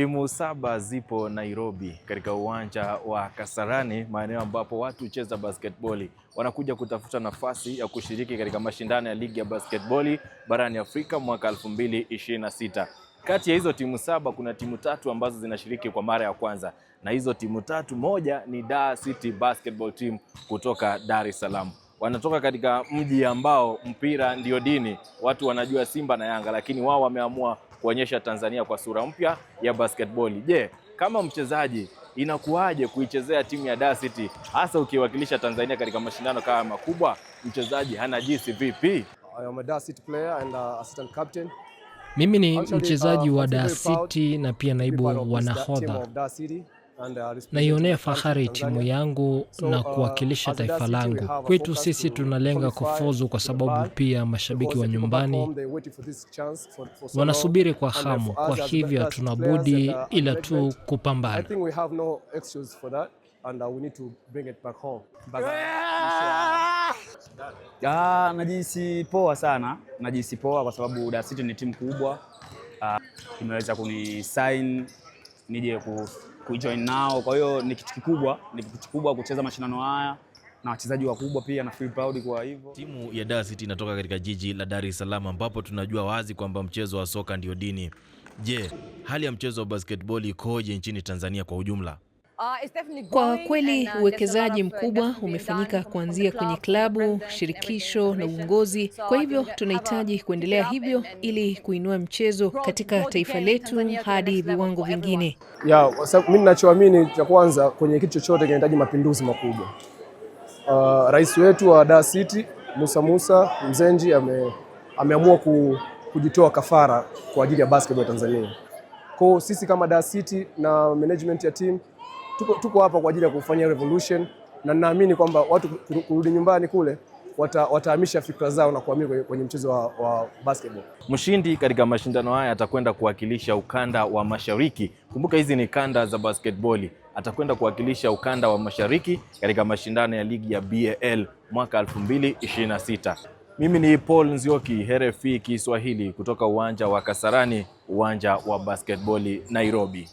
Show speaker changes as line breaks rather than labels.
Timu saba zipo Nairobi katika uwanja wa Kasarani, maeneo ambapo watu hucheza basketboli. Wanakuja kutafuta nafasi ya kushiriki katika mashindano ya ligi ya basketboli barani Afrika mwaka 2026. Kati ya hizo timu saba kuna timu tatu ambazo zinashiriki kwa mara ya kwanza, na hizo timu tatu, moja ni Dar City Basketball Team kutoka Dar es Salaam wanatoka katika mji ambao mpira ndio dini. Watu wanajua Simba na Yanga, lakini wao wameamua kuonyesha Tanzania kwa sura mpya ya basketball. Je, kama mchezaji inakuwaje kuichezea timu ya Dar City hasa ukiwakilisha Tanzania katika mashindano kama makubwa? Mchezaji jinsi vipi? I am a Dar City player and uh,
assistant captain. Mimi ni mchezaji uh, wa Dar City na pia naibu wa nahodha Naionea fahari timu yangu na kuwakilisha taifa langu. Kwetu sisi tunalenga kufuzu, kwa sababu pia mashabiki wa nyumbani wanasubiri kwa hamu. Kwa hivyo tunabudi ila tu kupambana.
Ah, najihisi poa sana, najihisi poa kwa sababu dasiti ni timu kubwa, ah, imeweza kunisain nije ku, kujoin nao. Kwa hiyo ni kitu kikubwa, ni kitu kikubwa kucheza mashindano haya na wachezaji wakubwa pia na feel proud. Kwa hivyo
timu ya Dar City inatoka katika jiji la Dar es Salaam ambapo tunajua wazi kwamba mchezo wa soka ndio dini. Je, hali ya mchezo wa basketball ikoje nchini Tanzania kwa ujumla?
Uh, kwa kweli uh, uwekezaji uh, mkubwa umefanyika kuanzia kwenye klabu, shirikisho na uongozi. Kwa hivyo tunahitaji kuendelea hivyo ili kuinua mchezo katika taifa letu hadi viwango vingine.
mi mimi ninachoamini cha kwanza kwenye kitu chochote kinahitaji mapinduzi makubwa. Uh, rais wetu wa Dar City Musa Musa Mzenji ame, ameamua ku, kujitoa kafara kwa ajili ya basketball Tanzania. Kwa sisi kama Dar City na management ya timu tuko, tuko hapa kwa ajili ya kufanya revolution na ninaamini kwamba watu kurudi nyumbani kule wata, fikra zao na kuhamia kwenye, kwenye mchezo wa, wa basketball.
Mshindi katika mashindano haya atakwenda kuwakilisha ukanda wa Mashariki. Kumbuka hizi ni kanda za basketball. Atakwenda kuwakilisha ukanda wa Mashariki katika mashindano ya ligi ya BAL mwaka 2026. Mimi ni Paul Nzioki, RFI Kiswahili kutoka uwanja wa Kasarani, uwanja wa basketball Nairobi.